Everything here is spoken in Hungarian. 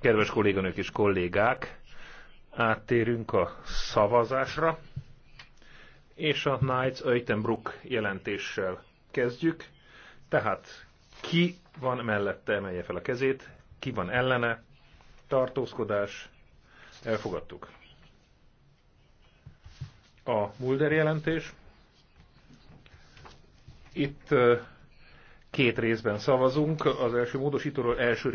Kedves kolléganők és kollégák, áttérünk a szavazásra, és a Knights Öjtenbruck jelentéssel kezdjük. Tehát ki van mellette, emelje fel a kezét, ki van ellene, tartózkodás, elfogadtuk. A Mulder jelentés. Itt két részben szavazunk. Az első módosítóról első